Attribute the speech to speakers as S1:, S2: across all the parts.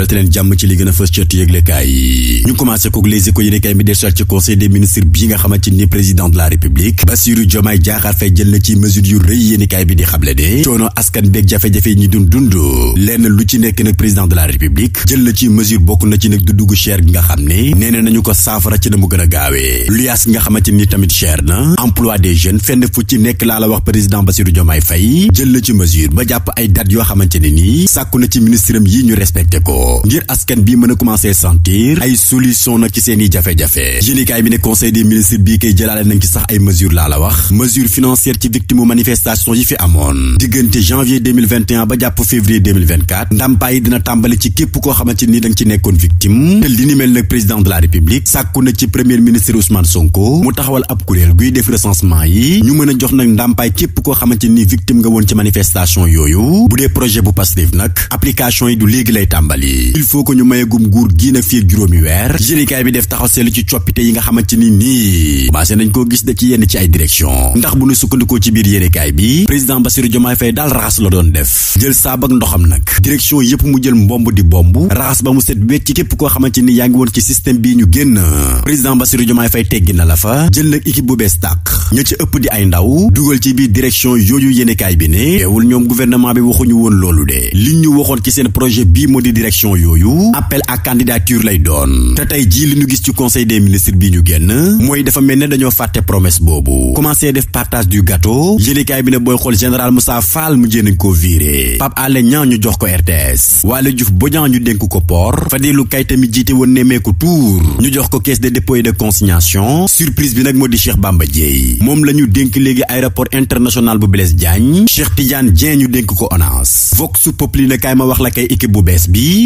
S1: dal te leen jàmm ci li gën a fës yëglekaay yi ñu commencé kook les éco yéenekaay bi desuwaat ci conseil des ministres bi nga xamante ni président de la république Bassirou Diomaye Diakhar Faye jël na ci mesure yu rëy yéenekaay bi di xamle ne coono askan beeg jafe-jafe yi ñu dun dund lenn lu ci nekk nag président de la république jël na ci mesure bokk na ci nag du dugg cher bi nga xam ne nee na nañu ko saafara ci na mu gën a gaawee luyaas nga xamante ni tamit cher na emploi des jeunes fenn fu nekk laa la wax président Bassirou Diomaye Faye jël na ci mesure ba jàpp ay date yoo xamante ne nii sàkku na ci ministre ñu respecté ko ko ngir askan bi mën a commencé sentir ay solution nag ci seen jafe-jafe yéenekaay bi ne conseil des ministres bii koy jëlaale nañ ci sax ay mesures laa la wax mesure financière ci victime manifestation yi fi amoon diggante janvier 2021 ba jàpp février 2024 ndàmpaay yi dina tàmbali ci képp koo xamante ni da nga ci nekkoon victime te li ni mel nag président de la république sàkku na ci premier ministre Ousmane Sonko mu taxawal ab kuréel guy def recensement yi ñu a jox nag ndàmpaay képp koo xamante ni victime nga woon ci manifestation yooyu bu dee projet bu Pastef nag application yi du léegi lay tàmbali yi il faut que ñu mayegum nguur gi nag fii ak juróomi weer yéenekaay bi def taxaw seetlu ci coppite yi nga xamante ni nii commencé nañ koo gis de ci yenn ci ay direction ndax bu ñu sukkandikoo ci biir yéenekaay bi président Bassirou Diomaye Faye daal raxas la doon def jël saab ak ndoxam nag direction yépp mu jël mbomb di bomb raxas ba mu set wecc ci képp koo xamante ni yaa ngi ci système bii ñu génn président Bassirou Diomaye Faye teggi na la fa jël nag équipe bu bees tàq ña ci ëpp di ay ndaw dugal ci biir direction yooyu yéenekaay bi ne teewul ñoom gouvernement bi waxuñu woon loolu de liñ ñu waxoon ci seen projet bii moo di direction élection yooyu appel à candidature lay doon te jii li ñu gis ci conseil des ministre bi ñu génn mooy dafa mel ne dañoo fàtte promesse boobu commencé def partage du gâteau yéenekaay bi ne booy xool général Moussa Fall mu jéenañ ko viré Pape Alé Niang ñu jox ko RTS Waly Diouf Bodian ñu dénk ko port Fadilou Keita mi jiite woon nemmeeku tour ñu jox ko caisse de dépôt et de consignation surprise bi nag moo di Cheikh Bamba Dièye moom la ñu dénk léegi aéroport international bu Blaise Diagne Cheikh Tidiane Dieng ñu dénk ko ONAS Vox Populi ne kaay ma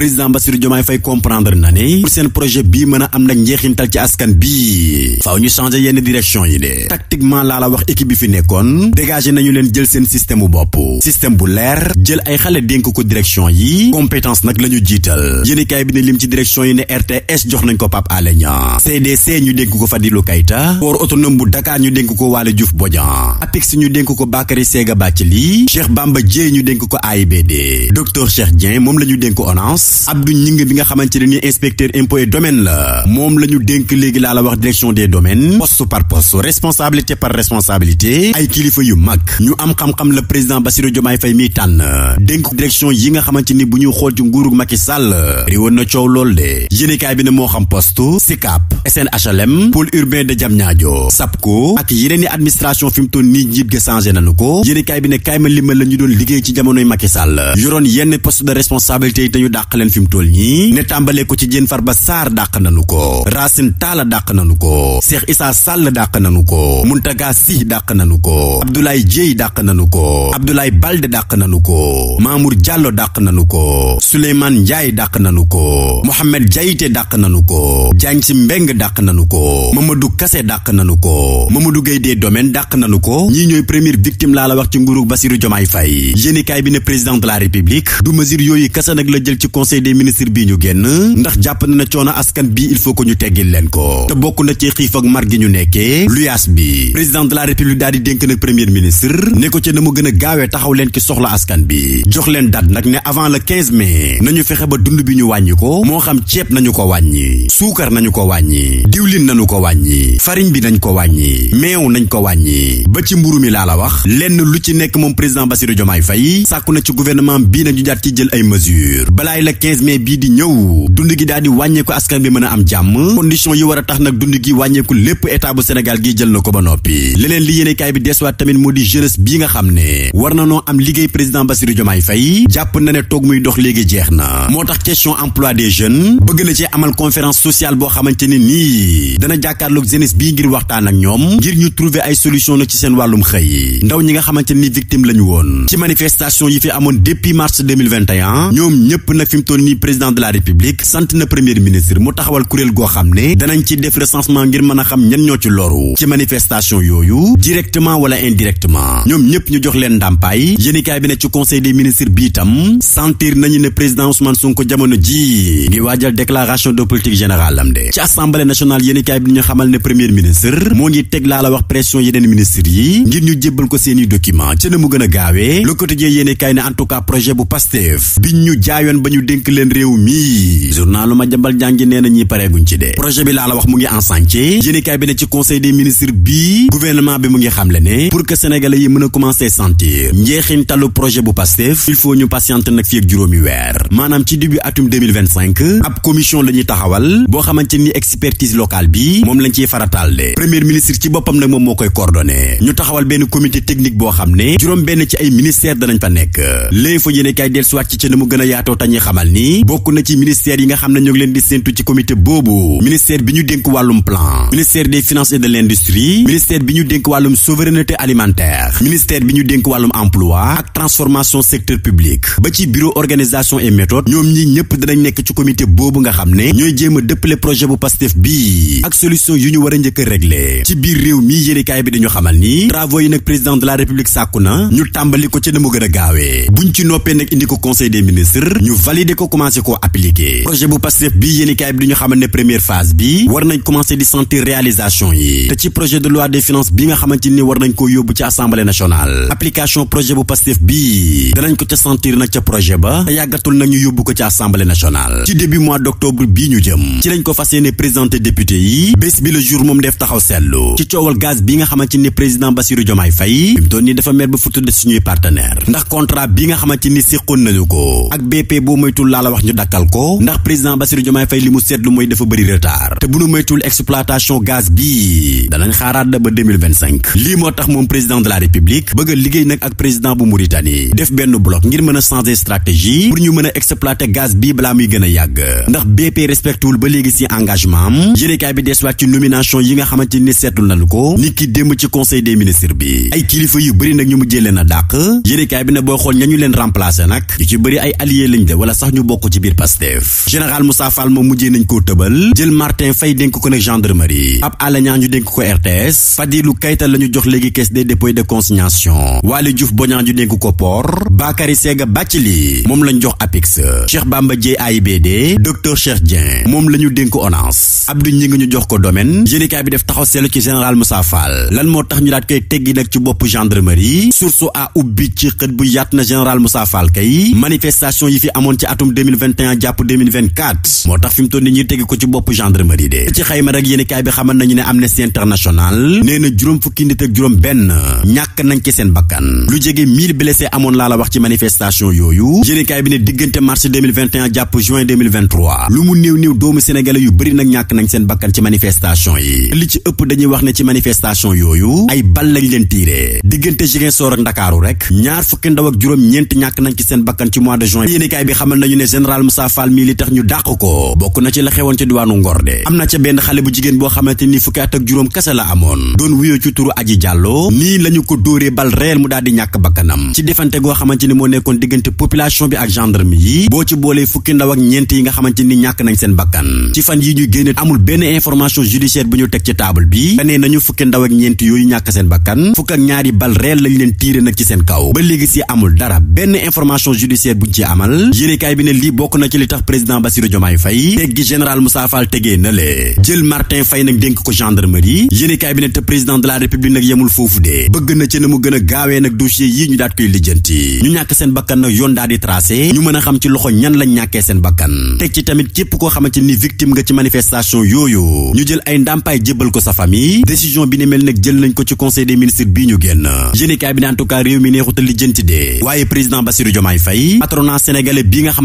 S1: président Bassirou Diomaye fay comprendre na ne pour seen projet bii mën a am nag njeexintal ci askan bi faaw ñu changer yenn direction yi de tactiquement laa la wax équipe bi fi nekkoon dégagé nañu leen jël seen système bu bopp système bu leer jël ay xale dénk ko direction yi compétence nag la ñu jiital yéenekaay bi ne lim ci direction yi ne RTS jox nañ ko Pape Alé Niang CDC ñu dénk ko fa Fadilou Keita port autonome bu Dakar ñu dénk ko Waly Diouf Bodian APEX ñu dénk ko Bakary Sega Bathily Cheikh Bamba Dièye ñu dénk ko AIBD docteur Cheikh Dieng moom la ñu dénk ONAS Abdou Gningue bi nga xamante ne ni inspecteur impôt et domaine la moom la ñu dénk léegi laa la wax direction des domaines poste par poste responsabilité par responsabilité ay kilifa yu mag ñu am xam-xam la président Bassirou Diomaye Faye mii tànn dénk direction yi nga xamante ni bu ñuy xool ci nguurug Macky Sall ri na coow lool de yéenekaay bi ne moo xam poste SICAP SNHLM pôle urbain de Diamniadio SAPCO ak yeneen i administration fi mu toll nii njiit ga changé nañu ko yéenekaay bi ne kaay ma limal la ñu doon liggéey ci jamonoy Macky Sall yoroon yenn poste de yi dañu dàq leen fi mu toll ñii ne tàmbalee ko ci Diène Farba Sarr dàq nanu ko Racine Talla dàq nanu ko Cheikh Issa Sall dàq nanu ko Mountaga Sy dàq nanu ko Abdoulaye Dièye dàq nanu ko Abdoulaye Balde dàq nanu ko Mamour Diallo dàq nanu ko Souleymane Ndiaye daq nanu ko Mohamed Diaité dàq nanu ko Diagne Sy Mbengue dàq nanu ko Mamadou Kassé dàq nanu ko Mamadou Gueye des Domaines dàq nanu ko ñii ñooy première victime laa la wax ci nguuru Bassirou Diomaye Faye yéenekaay bi ne président de la République du mesure conseil des ministres bii ñu génn ndax jàpp na ne coono askan bi il faut que ñu teggil leen ko te bokk na ci xiif ak mar gi ñu nekkee luyaas bi président de la république daal di dénk nag premier ministre ne ko ci na mu gën a gaawee taxaw leen ci soxla askan bi jox leen date nag ne avant le 15 mai nañu fexe ba dund bi ñu wàññi ko moo xam ceeb nañu ko wàññi suukar nañu ko wàññi diwlin nañu ko wàññi fariñ bi nañ ko wàññi meew nañ ko wàññi ba ci mburu mi laa la wax lenn lu ci nekk moom président Bassirou Diomaye Faye sàkku na ci gouvernement bii na ñu jaat ci jël ay mesures balaay la 15 mai bii di ñëw dund gi daal di wàññeeku askan bi mën a am jàmm condition yi war a tax nag dund gi wàññeeku lépp état bu Sénégal gi jël na ko ba noppi leneen li yéenekaay bi desuwaat tamit moo di jeunesse bii nga xam ne war na noo am liggéey président Bassirou Diomaye Faye jàpp na ne toog muy dox léegi jeex na moo tax question emploi des jeunes bëgg na ci amal conférence sociale boo xamante ne nii dana jàkkaarloog jeunesse bii ngir waxtaan ak ñoom ngir ñu trouver ay solution nag ci seen wàllum xëy ndaw ñi nga xamante ni victime lañu woon ci yi amoon depuis mars 2021 ñoom ñëpp nag fi toll nii président de la république sant na premier ministre mu taxawal kuréel goo xam ne danañ ci def recensement ngir mën a xam ñan ñoo ci loru ci manifestation yooyu directement wala indirectement ñoom ñëpp ñu jox leen ndàmpaay yéenikaay bi ne ci conseil des ministres bi itam sentir nañu ne président Ousmane Sonko jamono ji ngi waajal déclaration de politique générale am ci assemblée nationale yéenikaay bi ñu xamal ne premier ministre moo dénk leen réew mi journalu ma jambal jàngi nee ñi pareeguñ ci de projet bi laa la wax mu ngi en chantier yéenekaay bi ne ci conseil des ministres bi gouvernement bi mu ngi xamle ne pour que sénégalais yi mën a commencer sentir njeexintalu projet bu Pastef il faut ñu nag fii ak juróomi weer maanaam ci début atum ab commission la taxawal boo xamante ni expertise locale bi moom lañ ciy farataal de premier ministre ci boppam nag moom moo koy coordonné nii bokk na ci ministère yi nga xam ne ñoo ngi leen di séentu ci comité boobu ministère bi ñu dénk wàllum plan ministère de finances et de l'industrie ministère bi ñu dénk wàllum souveraineté alimentaire ministère bi ñu dénk wàllum emploi ak transformation secteur public ba ci bureau organisation et méthode ñoom ñi ñëpp dinañ nekk ci comité boobu nga xam ne ñooy jéem a dëppale projet bu Pastef bii ak solution yu ñu war a njëkk a régler ci biir réew mi yéenekaay bi dañu xamal ni travaux yi nag président de la république na ñu tàmbali ko ci gaawee buñ ci noppee nag indi ko conseil des ministres validé ko commencé koo appliqué projet bu Pastef bii yéenekaay bi du xamal ne première phase bi war nañ commencé di sentir réalisation yi te ci projet de loi des finances bi nga xamante ni war nañ koo yóbbu ci assemblée nationale application projet bu Pastef bii danañ ko ca sentir nag ca projet ba te yàggatul nañu yóbbu ko ci assemblée nationale ci début mois d'octobre bi ñu jëm ci lañ ko fas yéene présenté député yi bés bi le jour moom def taxaw seetlu ci nga xamante ni président Bassirou Diomaye Faye bi mu doon ni dafa ndax contrat bi nga xamante ni séqoon nañu ko laa la wax ñu dakkal ko ndax président Bassirou Diomaye Faye li mu seetlu mooy dafa bëri retard te bu nu moytul exploitation gaz bi danañ xaaraat da ba 2025 lii moo tax moom président de la république bëgg a liggéey nag ak président bu Mauritanie def benn bloc ngir mën a changer stratégie pour ñu mën a exploiter gaz bi balaa muy gën a yàgg ndax BP respectewul ba léegi si engagement am yéenekaay bi desuwaat ci nomination yi nga xamante ni seetlu nañu ko nit tax ñu bokk ci biir Pastef général Moussa Fall moom mujjee nañ koo tëbal jël Martin Faye dénk ko nag gendarmerie ab alañaa ñu dénk ko RTS Fadilou Keita la ñu jox léegi caisse des dépôts et de consignation Waly Diouf Bodian ñu dénk ko port Bakary Sega Bathily moom lañ jox APIX Cheikh Bamba Dièye AIBD docteur Cheikh Dieng moom la ñu dénk ONAS Abdou Ngingue ñu jox ko domaine yéenekaay bi def taxaw seetlu ci général Moussa Fall lan moo tax ñu daat koy teggi nag ci bopp gendarmerie source a ci xët bu yaat na général Moussa Fall kay manifestation yi fi amoon ci atum 2021 jàpp 2024 moo tax fi mu toll ni ñuy tegi ko ci bopp gendarmerie de ci xayma rek yéen bi xamal nañu ne Amnesty International nee juróom fukki ak juróom benn ñàkk nañ ci seen bakkan lu jege 1000 blessés juin lu mu néew néew doomu sénégalais yu bëri nag ñàkk nañ seen bakkan ci manifestation yi li ci ëpp dañuy wax ne ci manifestation yooyu ay bal lañ leen tiiree diggante Ziguinchor ak Ndakaaru rek ñaar fukki ak juróom ñeent ñàkk nañ ci seen bakkan ci mois nañu ne général Moussa Fall mii li tax ñu dàq ko bokk na ci la xewoon ca diwaanu Ngor am na ca benn xale bu jigéen boo xamante ni fukki at ak juróom kese la amoon doon wuyoo ci turu Aji Diallo nii lañu ko dóoree bal réel mu daal di ñàkk bakkanam ci defante goo xamante ni moo nekkoon diggante population bi ak gendarme yi boo ci boolee fukki ndaw ak ñeent yi nga xamante ni ñàkk nañ seen bakkan ci fan yi ñu génne amul benn information judiciaire bu ñu teg ci table bi te nee nañu fukki ndaw ak ñeent yooyu ñàkk seen bakkan fukk ak ñaari bal réel lañ leen tiire nag ci seen kaw ba léegi si amul dara benn information judiciaire buñ ci bi ne lii bokk na ci li tax président Bassirou Diomaye Faye teggi général Moussa Fall tegee na le jël Martin Faye nag dénk ko gendarmerie yéenekaay bi ne te président de la république nag yemul foofu de bëgg na ci na mu gën a gaawee nag dossier yi ñu daat koy lijjanti ñu ñàkk seen bakkan nag yoon daal di tracé ñu mën a xam ci loxo ñan lañ ñàkkee seen bakkan teg yooyu ñu jël ay ndàmpaay jébbal ko sa famille décision bi ne mel nag jël nañ ko ci conseil des ministres bi de waaye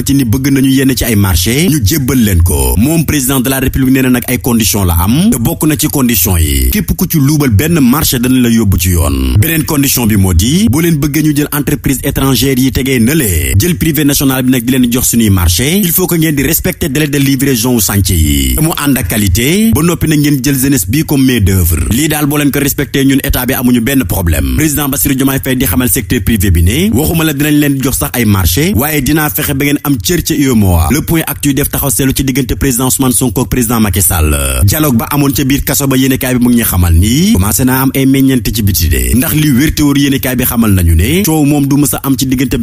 S1: xamante ni bëgg nañu yenn ci ay marché ñu jébbal leen ko moom président de la république nee na nag ay condition la am te bokk na ci condition yi képp ku ci luubal benn marché dana la yóbbu ci yoon beneen condition bi moo di boo leen bëggee ñu jël entreprise étrangère yi tegee na lee jël privé national bi nag di leen jox suñuy marché il faut que ngeen di respecter délai de livraison wu chantier yi mu ànd ak qualité ba noppi na ngeen jël jeunesse bi comme main d'œuvre lii daal boo leen ko respecté ñun état bi amuñu benn problème président Bassirou Diomaye Faye di xamal secteur leen jox sax ay marché waaye am cër ca UEMOA le point actu def taxaw ci diggante président Ousmane Sonko président Macky Sall ba amoon ca biir kaso ba yéenekaay bi mu ngi xamal ni commencé naa am ci a am diggante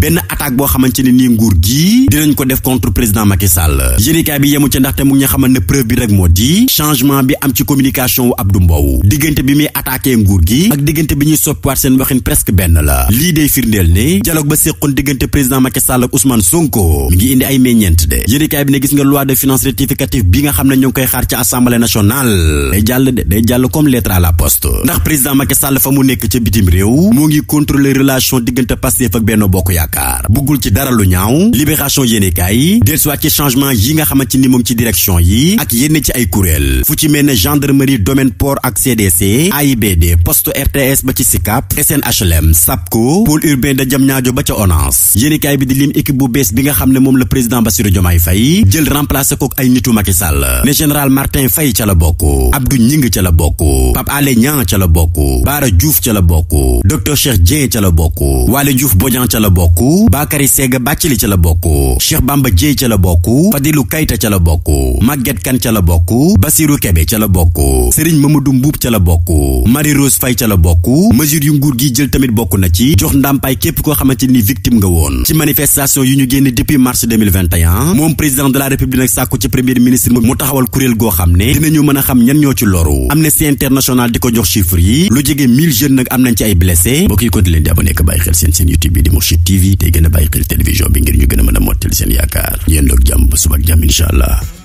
S1: benn attaque boo xamante ne nii nguur gi ko def contre président Macky Sall bi yemu ca ndaxte mu ngi xamal ne preuve bi rek moo di changement bi am ci communication wu Abdou Mbow diggante bi muy attaqué nguur gi ak diggante bi ñuy soppiwaat seen waxin presque benn la lii day firndeel ne dialogue ba séqoon diggante président Macky Sall ak Ousmane Sonko mi ngi indi ay meññeent de yéenekaay bi ne gis nga loi de finances rectificative bi nga xam ne ñoo koy xaar ci assemblée nationale day jàll de day jàll comme lettre à la poste ndax président Macky Sall fa mu nekk ca bitim réew moo ngi contrôler relation ni moom ci gendarmerie domaine port ak CDC AIBD poste RTS ba ci SICAP SNHLM SAPCO pôle urbain de Diamniadio ba ca ONAS yéenekaay bi di lim équipe bu bees bi nga xam ne moom la président Bassirou Diomaye Faye jël remplacé kook ay nitu Macky Sall ne général Martin Faye ca la bokk Abdou Nying ca la bokk Pape Alé Niang ca la bokk Bara Diouf ca la bokk docteur Cheikh Dieng ca la bokk Waly Diouf Bodian ca la bokk Bakary Sega Bathily ca la bokk Cheikh Bamba Dièye ca la bokk Fadilou Keita ca la bokk Maguette Kane ca la bokk Bassirou Kébé la bokk bokk Serigne Mamadou Mbuub ca la bokk Marie Rose Faye ca la bokk mesure yu nguur gi jël tamit bokk na ci jox ndàmpaay képp koo xamante ni victime nga woon ci manifestation yu ñu génne depuis mars 2021 moom président de la république nag sàkku ci premier ministre mu taxawal kuréel goo xam ne dinañu mën a xam ñan ñoo ci loru Amnesty International di ko jox chiffres yi lu jege 1000 jeunes nag am nañ ci ay blessé mbokk yi continué leen di abonné di Mourchid TV tey a bàyyi xel télévision bi ngir ñu gën a mën a mottali seen yaakaar yéen doog jàmm ba suba